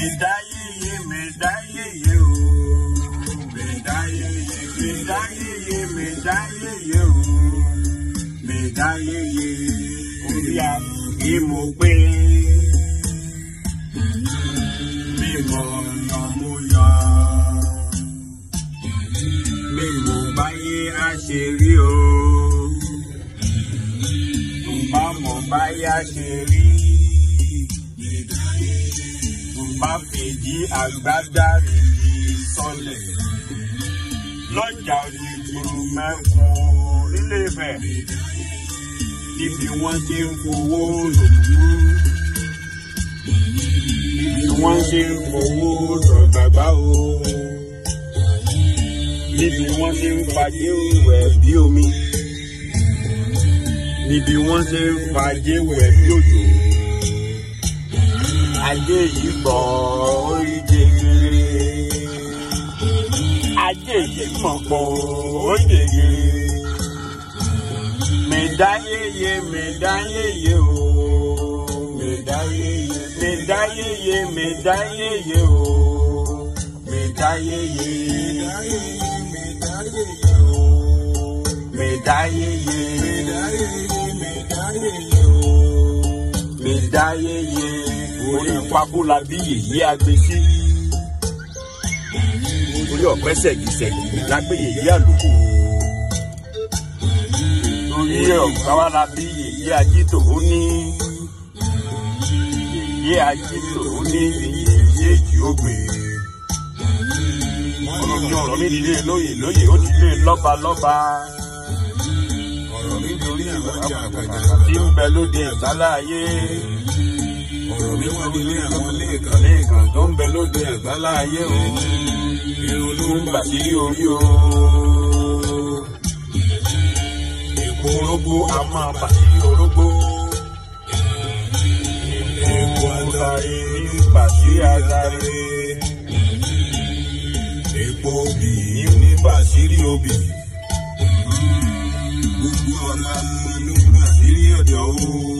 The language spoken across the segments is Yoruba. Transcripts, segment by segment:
mẹdáyéyé mẹdáyéyé o mẹdáyéyé mẹdáyéyé mẹdáyéyé o mẹdáyéyé orí àbí mo gbé mi mọ ọ̀nà mo yọ mi mọ báyé a ṣe rí o mo bá mọ báyé a ṣe rí má fìdí àgbádá rere sọlẹ̀ lọ́jà onígboro mẹ́kọ̀ọ́ nílé Ifẹ̀ níbi wọ́n ti ń fowó lòlú níbi wọ́n ti ń fowó lọ́gbàgbà o níbi wọ́n ti ń fagé wẹ̀ bí omi níbi wọ́n ti ń fagé wẹ̀ bí òjò ajé yìí bọ̀ orí jẹgẹrẹ ajé yìí mọ̀ pọ̀ orí jẹgẹrẹ mẹdáyéyé mẹdáyéyé o mẹdáyéyé mẹdáyéyé mẹdáyéyé o mẹdáyéyé mẹdáyéyé o mẹdáyéyé mẹdáyéyé mẹdáyéyé o mẹdáyéyé orí ìfakúlabí yèyé agbèsí orí ọ̀pẹ́ sẹ̀gìsẹ̀gì lágbè yèyé àlùkò orí ọ̀páwálábí yèyé ajítò ó ní yèyé ajítò ó ní yèyé èjì ògbè ọ̀rọ̀ mi ọ̀rọ̀ mi lè lóye lóye ó ti lè lọ́ba lọ́ba ọ̀rọ̀ mi lórí ìwà àpàtàkì tí ń bẹ lóde ìgbàlá ayé ọ̀rọ̀ mi wá nílé àwọn ilé ìkànnì ìkàn tó ń bẹ lóde àgbálá ayé o irun ló ń bà sí orí o èpo orógbó a máa bà sí orógbó èpo azare bà sí azare èpo obì ní bà sí rí obì gbogbo ọ̀la ló ń bà sí rí ọ̀dọ́ o.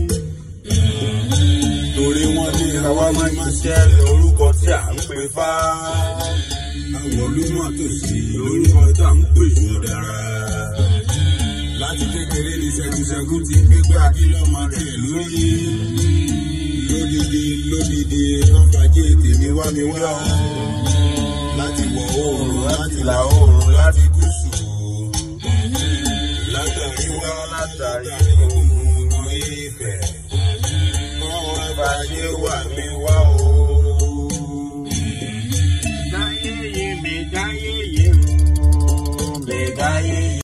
àwa máa ń ṣiṣẹ́ lórúkọ tí à ń pè fá. àwọn olùmọ̀tòsí lórúkọ tí à ń pè yóò dára. láti kékeré ní ṣẹkúṣẹkú ti gbégbé àdínlọ́mọdé lórí. lódìdí lódìdí lọ́fàájì tèmi wá mi wá. láti wọ̀ oòrùn láti là oòrùn láti gúúsù. látàrí wá látàrí oòrùn ìfẹ́.